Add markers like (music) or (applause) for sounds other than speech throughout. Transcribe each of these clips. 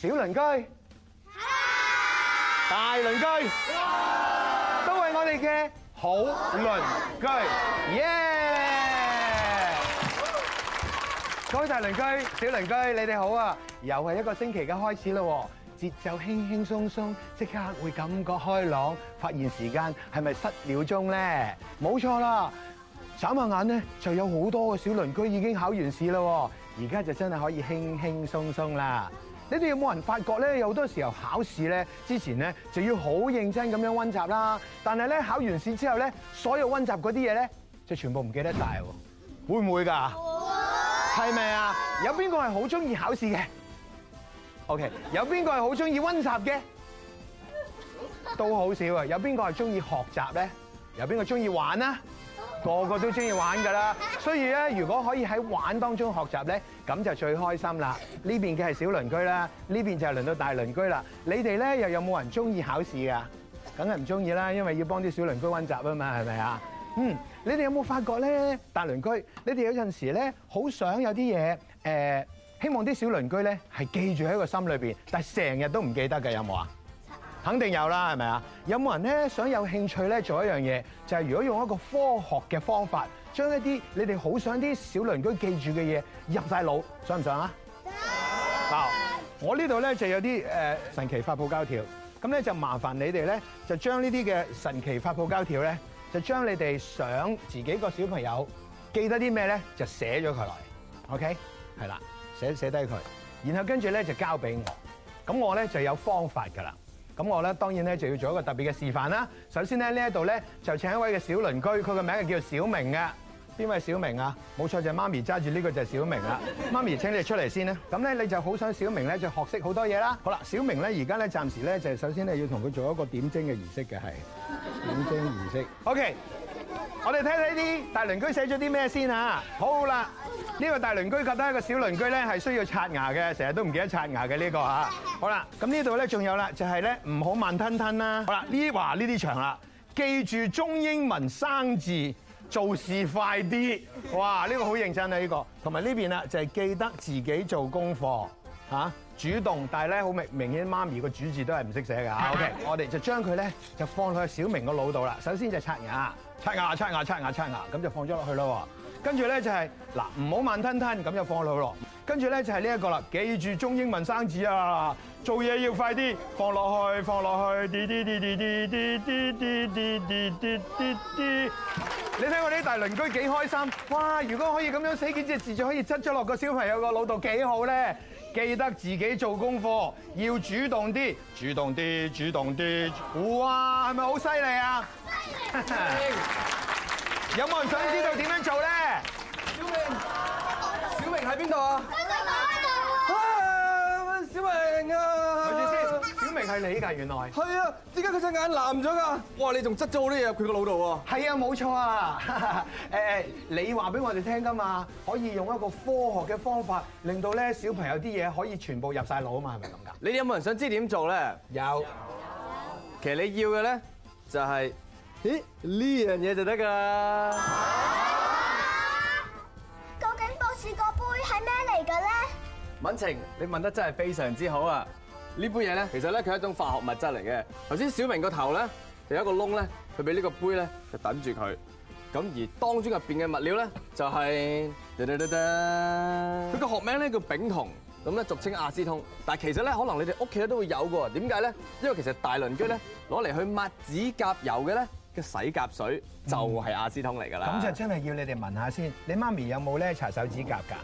小鄰居，大鄰居，都係我哋嘅好鄰居，耶！各位大鄰居、小鄰居，你哋好啊！又係一個星期嘅開始啦，節奏輕輕鬆鬆，即刻會感覺開朗，發現時間係咪失了鐘咧？冇錯啦，眨下眼咧，就有好多個小鄰居已經考完試啦，而家就真係可以輕輕鬆鬆啦。你哋有冇人發覺咧？有好多時候考試咧，之前咧就要好認真咁樣温習啦。但係咧，考完試之後咧，所有温習嗰啲嘢咧，就全部唔記得曬喎。會唔會㗎？係咪啊？有邊個係好鍾意考試嘅？OK，有邊個係好鍾意温習嘅？都好少啊。有邊個係鍾意學習咧？有邊個鍾意玩啦？個個都中意玩㗎啦，所以咧，如果可以喺玩當中學習咧，咁就最開心啦。呢邊嘅係小鄰居啦，呢邊就係輪到大鄰居啦。你哋咧又有冇人中意考試㗎？梗係唔中意啦，因為要幫啲小鄰居温習啊嘛，係咪啊？嗯，你哋有冇發覺咧，大鄰居，你哋有陣時咧，好想有啲嘢，誒，希望啲小鄰居咧係記住喺個心裏邊，但係成日都唔記得㗎，有冇啊？肯定有啦，係咪啊？有冇人咧想有興趣咧做一樣嘢，就係、是、如果用一個科學嘅方法，將一啲你哋好想啲小鄰居記住嘅嘢入晒腦，想唔想？啊、嗯？得我呢度咧就有啲誒神奇發泡膠條，咁咧就麻煩你哋咧，就將呢啲嘅神奇發泡膠條咧，就將你哋想自己個小朋友記得啲咩咧，就寫咗佢嚟，OK？係啦，寫寫低佢，然後跟住咧就交俾我，咁我咧就有方法噶啦。咁我咧當然咧就要做一個特別嘅示範啦。首先咧呢一度咧就請一位嘅小鄰居，佢嘅名係叫做小明嘅、啊。邊位小明啊？冇錯就係、媽咪揸住呢個就係小明啦、啊。媽咪請你出嚟先啦。咁咧你就好想小明咧就學識好多嘢啦。好啦，小明咧而家咧暫時咧就首先咧要同佢做一個點睛嘅儀式嘅係點睛儀式。 (laughs) OK。我哋睇睇啲大鄰居寫咗啲咩先嚇。好啦，呢個大鄰居覺得一個小鄰居咧係需要刷牙嘅，成日都唔記得刷牙嘅呢個啊。 (laughs) 好啦，咁呢度咧仲有啦，就係咧唔好慢吞吞啦。好啦，呢啲話呢啲長啦，記住中英文生字，做事快啲。哇，呢個好認真啊！呢個同埋呢邊啦，就係記得自己做功課嚇、啊，主動。但係咧好明明顯，媽咪個主字都係唔識寫噶。O K， (laughs) 我哋就將佢咧就放去小明個腦度啦。首先就係刷牙。刷牙刷牙刷牙刷牙，咁就放咗落去咯。跟住咧就係嗱，唔好慢吞吞，咁就放落去咯。跟住咧就係呢一個啦，記住中英文生字啊，做嘢要快啲，放落去放落去，啲啲啲啲啲啲啲啲啲啲啲。滴滴。你睇我啲大鄰居幾開心哇！如果可以咁樣寫幾隻字，就可以擠咗落個小朋友個腦度，幾好咧。記得自己做功課，要主動啲，主動啲，主動啲，哇，係咪好犀利啊？ (laughs) 有冇人想知道點樣做咧？小明，小明喺邊度啊？係你㗎，原來係啊！點解佢隻眼藍咗㗎？哇！ (laughs) 你仲執咗啲嘢入佢個腦度喎！係啊，冇錯啊！誒，你話俾我哋聽㗎嘛，可以用一個科學嘅方法，令到咧小朋友啲嘢可以全部入晒腦啊嘛，係咪咁㗎？你哋有冇人想知點做咧？有。其實你要嘅咧了，就係咦呢樣嘢就得㗎？究竟博士個杯係咩嚟㗎咧？敏晴，你問得真係非常之好啊！呢杯嘢咧，其實咧佢係一種化學物質嚟嘅。頭先小明個頭咧，就有一個窿咧，佢俾呢個杯咧就等住佢。咁而當中入邊嘅物料咧、就係，就、呃、係，佢、呃、個、呃呃、學名咧叫丙酮，咁咧俗稱亞斯通。但係其實咧，可能你哋屋企咧都會有嘅。點解咧？因為其實大鄰居咧攞嚟去抹指甲油嘅咧嘅洗甲水就係亞斯通嚟㗎啦。咁、嗯、就真係要你哋聞，聞下先。你媽咪有冇咧搽手指甲㗎？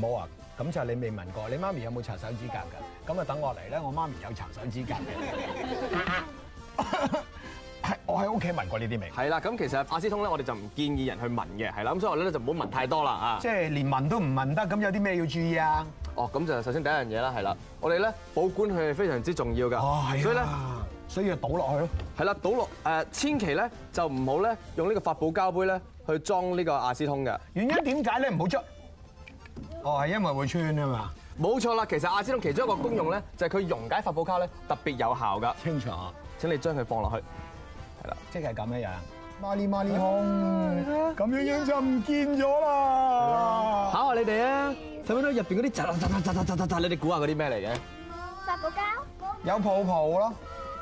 冇啊，咁就係你未聞過。你媽咪有冇搽手指甲㗎？咁啊等我嚟咧，我媽咪有搽手指甲。嘅 (laughs) (laughs) 我喺屋企聞過呢啲味。係啦，咁其實亞斯通咧，我哋就唔建議人去聞嘅，係啦，咁所以我咧就唔好聞太多啦啊。即係連聞都唔聞得，咁有啲咩要注意啊？哦，咁就首先第一樣嘢啦，係啦，我哋咧保管佢係非常之重要㗎。哎、呀所以咧，所以要，倒落去咯。係啦，倒落誒，千祈咧就唔好咧用呢個發泡膠杯咧去裝呢個亞斯通嘅。原因點解咧？唔好哦，係因為會穿啊嘛！冇錯啦，其實阿斯隆其中一個功用咧，就係佢溶解發泡膠咧特別有效噶。清楚啊。請你將佢放落去，係啦，即係咁樣樣。麻利麻利空，咁樣、啊、樣就唔見咗啦。嚇下你哋啊！睇唔睇到入邊嗰啲？突突突突突突！你哋估下嗰啲咩嚟嘅？發泡膠。過過有泡泡咯。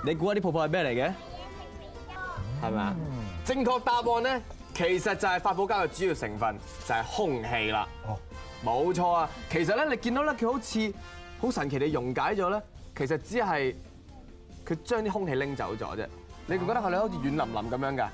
你估下啲泡泡係咩嚟嘅？係咪啊？正確答案咧，其實就係發泡膠嘅主要成分就係、是、空氣啦。哦。冇錯啊！其實咧，你見到咧，佢好似好神奇地溶解咗咧，其實只係佢將啲空氣拎走咗啫。你唔覺得佢哋好似軟淋淋咁樣噶？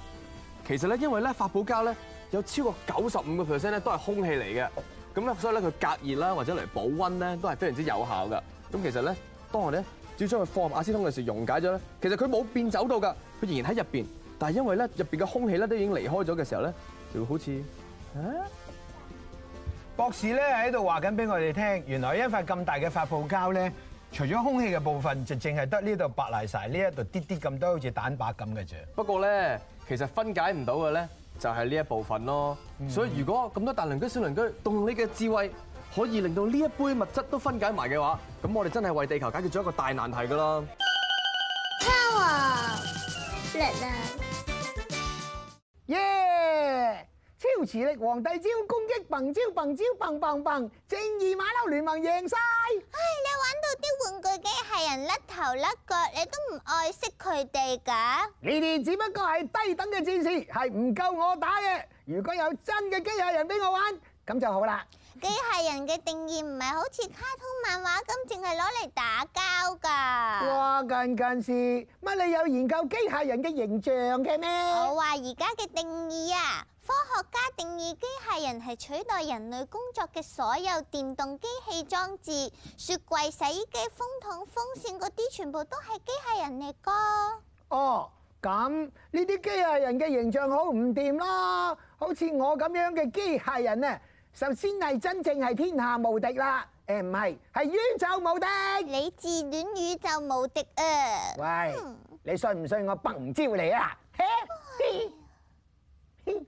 其實咧，因為咧，發泡膠咧有超過九十五個 percent 咧都係空氣嚟嘅。咁咧，所以咧，佢隔熱啦，或者嚟保溫咧，都係非常之有效噶。咁其實咧，當我哋咧只要將佢放入阿斯通嘅時溶解咗咧，其實佢冇變走到㗎，佢仍然喺入邊。但係因為咧入邊嘅空氣咧都已經離開咗嘅時候咧，就會好似嚇。啊。博士咧喺度話緊俾我哋聽，原來一塊咁大嘅發泡膠咧，除咗空氣嘅部分，就淨係得呢度白泥晒，呢一度啲啲咁多好似蛋白咁嘅啫。不過咧，其實分解唔到嘅咧，就係呢一部分咯。嗯、所以如果咁多大鄰居小鄰居，動用你嘅智慧，可以令到呢一杯物質都分解埋嘅話，咁我哋真係為地球解決咗一個大難題噶啦。Power，Yeah！超磁力皇帝招攻擊蹦招蹦招蹦蹦蹦，正義馬騮聯盟贏晒！唉，你玩到啲玩具機械人甩頭甩腳，你都唔愛惜佢哋㗎？你哋只不過係低等嘅戰士，係唔夠我打嘅。如果有真嘅機械人俾我玩，咁就好啦。機械人嘅定義唔係好似卡通漫畫咁，淨係攞嚟打交噶。哇，近近似，乜你有研究機械人嘅形象嘅咩？我話而家嘅定義啊，科學家定義機械人係取代人類工作嘅所有電動機器裝置，雪櫃、洗衣機、風筒、風扇嗰啲全部都係機械人嚟噶。哦，咁呢啲機械人嘅形象好唔掂啦，好似我咁樣嘅機械人呢、啊？首先係真正係天下無敵啦，誒唔係，係宇宙無敵。你自戀宇宙無敵啊！喂，你信唔信我白唔招你啊？嘿嘿，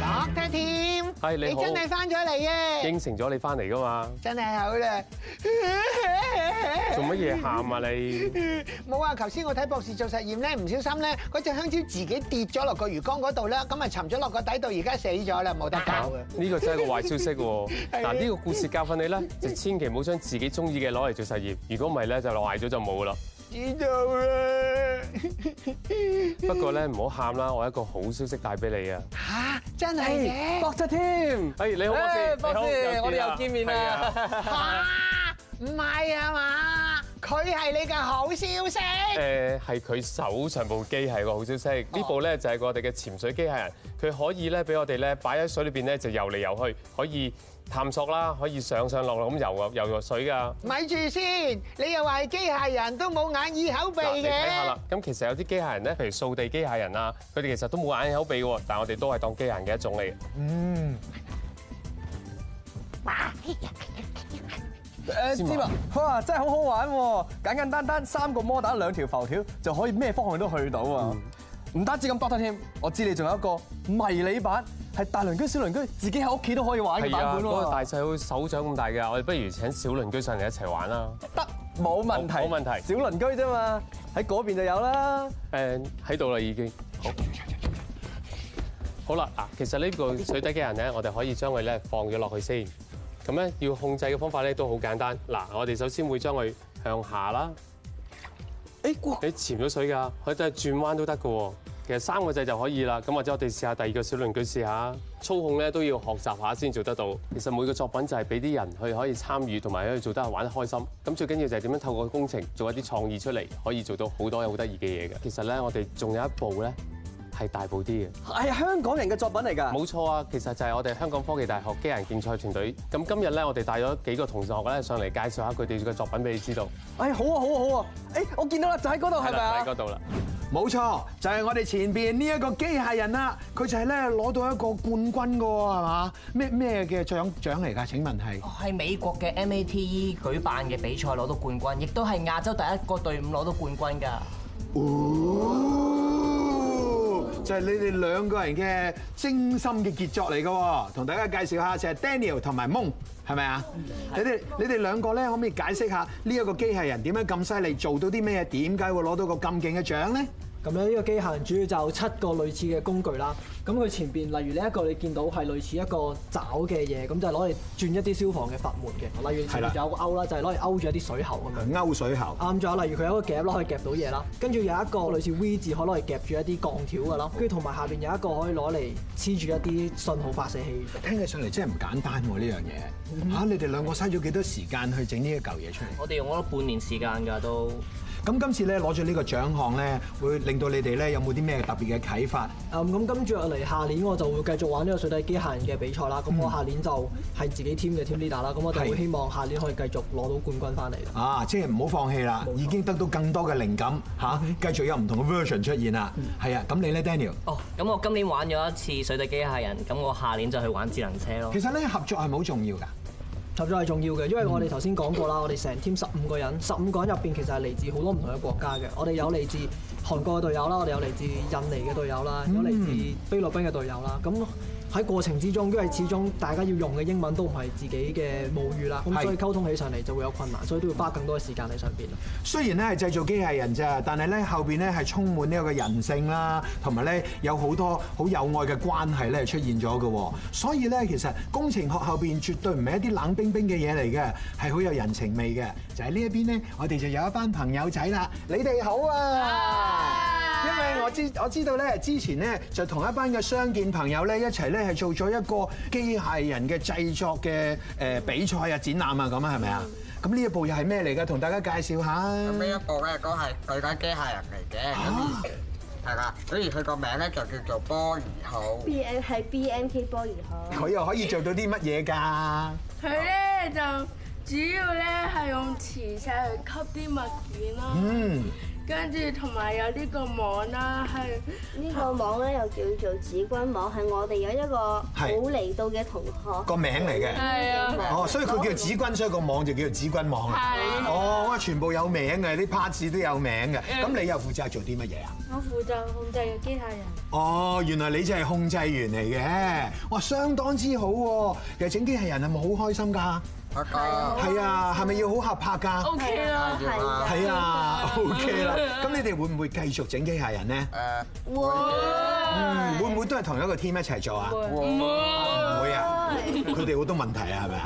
白 Titi。係你好，你真係翻咗嚟嘅，應承咗你翻嚟噶嘛？真係好啦，做乜嘢喊啊你？冇啊！頭先我睇博士做實驗咧，唔小心咧，嗰隻香蕉自己跌咗落個魚缸嗰度咧，咁啊沉咗落個底度，而家死咗啦，冇得搞嘅。呢個真係個壞消息喎！嗱，呢個故事教訓你咧，就千祈唔好將自己中意嘅攞嚟做實驗，如果唔係咧，就壞咗就冇噶啦。知道啦。不過咧，唔好喊啦，我一個好消息帶俾你啊。嚇！真係嘅、hey，博士添。哎，hey, 你好博士，我哋又見面啦，啊。嚇，唔係啊嘛，佢係你嘅好消息。誒，係佢手上部機械嘅好消息。呢部咧就係我哋嘅潛水機械人，佢可以咧俾我哋咧擺喺水裏邊咧就游嚟游去，可以，探索啦，可以上上落落咁遊啊遊弱水㗎。咪住先，你又話係機械人都冇眼耳口鼻嘅。嚟睇下啦，咁其實有啲機械人咧，譬如掃地機械人啊，佢哋其實都冇眼耳口鼻，但係我哋都係當機械人嘅一種嚟。嗯。誒芝麻，哇，真係好好玩喎！簡簡單單三個摩打，兩條浮條就可以咩方向都去到啊！唔單止咁多套添，我知你仲有一個迷你版，係大鄰居小鄰居自己喺屋企都可以玩嘅版本咯。係啊，嗰個大細好似手掌咁大嘅，我哋不如請小鄰居上嚟一齊玩啦。得，冇問題，冇問題，小鄰居啫嘛，喺嗰邊就有啦。誒、呃，喺度啦已經。好，好啦，嗱，其實呢個水底機械人咧，我哋可以將佢咧放咗落去先。咁咧要控制嘅方法咧都好簡單。嗱，我哋首先會將佢向下啦。誒國，你潛咗水㗎，佢都係轉彎都得㗎。其實三個掣就可以啦。咁或者我哋試下第二個小輪，佢試下操控咧，都要學習下先做得到。其實每個作品就係俾啲人去可以參與，同埋可以做得玩得開心。咁最緊要就係點樣透過工程做一啲創意出嚟，可以做到好多好得意嘅嘢㗎。其實咧，我哋仲有一部咧。係大部啲嘅，係香港人嘅作品嚟㗎。冇錯啊，其實就係我哋香港科技大學機械人競賽團隊。咁今日咧，我哋帶咗幾個同學咧上嚟介紹下佢哋嘅作品俾你知道。哎，好啊，好啊，好啊！哎，我見到啦，就喺嗰度係咪啊？喺嗰度啦，冇錯，就係我哋前邊呢一個機械人啦。佢就係咧攞到一個冠軍㗎喎，係嘛？咩咩嘅獎獎嚟㗎？請問係？係美國嘅 MATE 舉辦嘅比賽攞到冠軍，亦都係亞洲第一個隊伍攞到冠軍㗎。就係你哋兩個人嘅精心嘅傑作嚟嘅，同大家介紹下，就係 Daniel 同埋 Mon，係咪啊？你哋你哋兩個咧，可唔可以解釋下呢一個機械人點解咁犀利，做到啲咩嘢，點解會攞到個咁勁嘅獎咧？咁樣呢個機械人主要就有七個類似嘅工具啦。咁佢前邊，例如呢一個你見到係類似一個爪嘅嘢，咁就係攞嚟轉一啲消防嘅閥門嘅。例如前面對了 有勾啦，就係攞嚟勾住一啲水喉咁樣。勾水喉。啱咗，例如佢有個夾咯，可以夾到嘢啦。跟住有一個類似 V 字，可以攞嚟夾住一啲鋼條噶啦。跟住同埋下邊有一個可以攞嚟黐住一啲信號發射器。聽起上嚟真係唔簡單喎呢樣嘢。嚇，你哋兩個嘥咗幾多時間去整呢一嚿嘢出嚟？我哋用咗半年時間㗎都。咁今次咧攞咗呢個獎項咧，會令到你哋咧有冇啲咩特別嘅啟發？誒咁跟住落嚟，下年我就會繼續玩呢個水底機械人嘅比賽啦。咁、嗯、我下年就係自己 team 嘅 team leader 啦。咁、嗯、我哋希望下年可以繼續攞到冠軍翻嚟。啊，即係唔好放棄啦，沒錯 已經得到更多嘅靈感嚇，繼續有唔同嘅 version 出現啦。係啊、嗯，咁你咧 Daniel？哦，咁我今年玩咗一次水底機械人，咁我下年就去玩智能車咯。其實呢，合作係好重要㗎。合作係重要嘅，因為我哋頭先講過啦，我哋成 team 十五個人，十五個人入邊其實係嚟自好多唔同嘅國家嘅，我哋有嚟自韓國嘅隊友啦，我哋有嚟自印尼嘅隊友啦，有嚟自菲律賓嘅隊友啦，咁。喺過程之中，因為始終大家要用嘅英文都唔係自己嘅母語啦，咁是所以溝通起上嚟就會有困難，所以都要花更多嘅時間喺上邊。雖然咧係製造機械人咋，但係咧後邊咧係充滿呢個人性啦，同埋咧有好多好有愛嘅關係咧出現咗嘅。所以咧其實工程學後邊絕對唔係一啲冷冰冰嘅嘢嚟嘅，係好有人情味嘅。就係呢一邊咧，我哋就有一班朋友仔啦，你哋好啊！因為我知我知道咧，之前咧就同一班嘅商見朋友咧一齊咧係做咗一個機械人嘅製作嘅誒比賽啊、展覽啊咁啊，係咪啊？咁呢、嗯、一部又係咩嚟㗎？同大家介紹下啊！咁呢一部咧都係佢間機械人嚟嘅，係啦。所以佢個名咧就叫做波兒號。B M 係 B M K 波兒號。佢又可以做到啲乜嘢㗎？佢咧就主要咧係用，就係吸啲物件啦，跟住同埋有呢個網啦，係呢個網咧又叫做指君網，喺我哋有一個冇嚟到嘅同學個名嚟嘅，的哦，所以佢叫做指君，所以個網就叫做子君網啦。的哦，全部有名嘅，啲 parts 都有名嘅。咁你又負責做啲乜嘢啊？我負責控制個機械人。哦，原來你就係控制員嚟嘅，哇、哦，相當之好喎！又整機器人係咪好開心噶？係啊，係咪要好合拍噶？OK 啦，係。係啊，OK 啦。咁你哋會唔會繼續整機械人咧？誒。會唔會都係同一個 team 一齊做啊？會。唔會啊？佢哋好多問題啊，係咪啊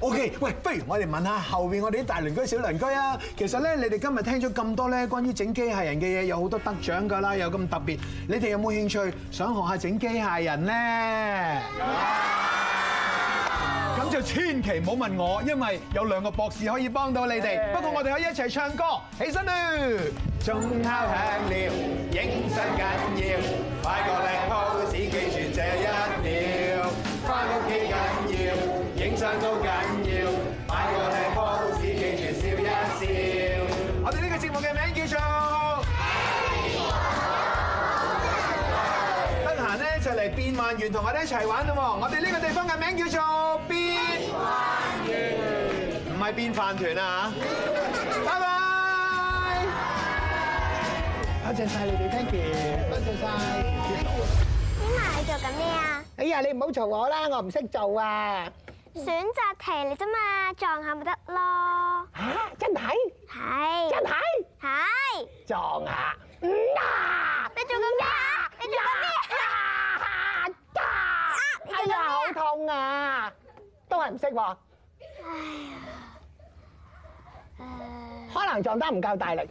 ？OK，喂，不如我哋問下後邊我哋啲大鄰居小鄰居啊。其實咧，你哋今日聽咗咁多咧，關於整機械人嘅嘢，有好多得獎噶啦，有咁特別。你哋有冇興趣想學下整機械人咧？咁就千祈唔好問我，因為有兩個博士可以幫到你哋。對吧 不過我哋可以一齊唱歌，起身啦！鐘敲響了，影相對吧 緊要，快過嚟！飯團同我哋一齊玩咯喎，我哋呢個地方嘅名叫做變飯團，唔係變飯團啊嚇！拜拜，多謝晒你哋，thank you，多謝晒。點解？你做緊咩啊？哎呀，你唔好嘈我啦，我唔識做啊。選擇題嚟啫嘛，撞下咪得咯。嚇，真係？係。真係？係。撞啊！你做緊咩啊？你做緊咩啊？啊，都係唔識喎，可能撞得唔夠大力。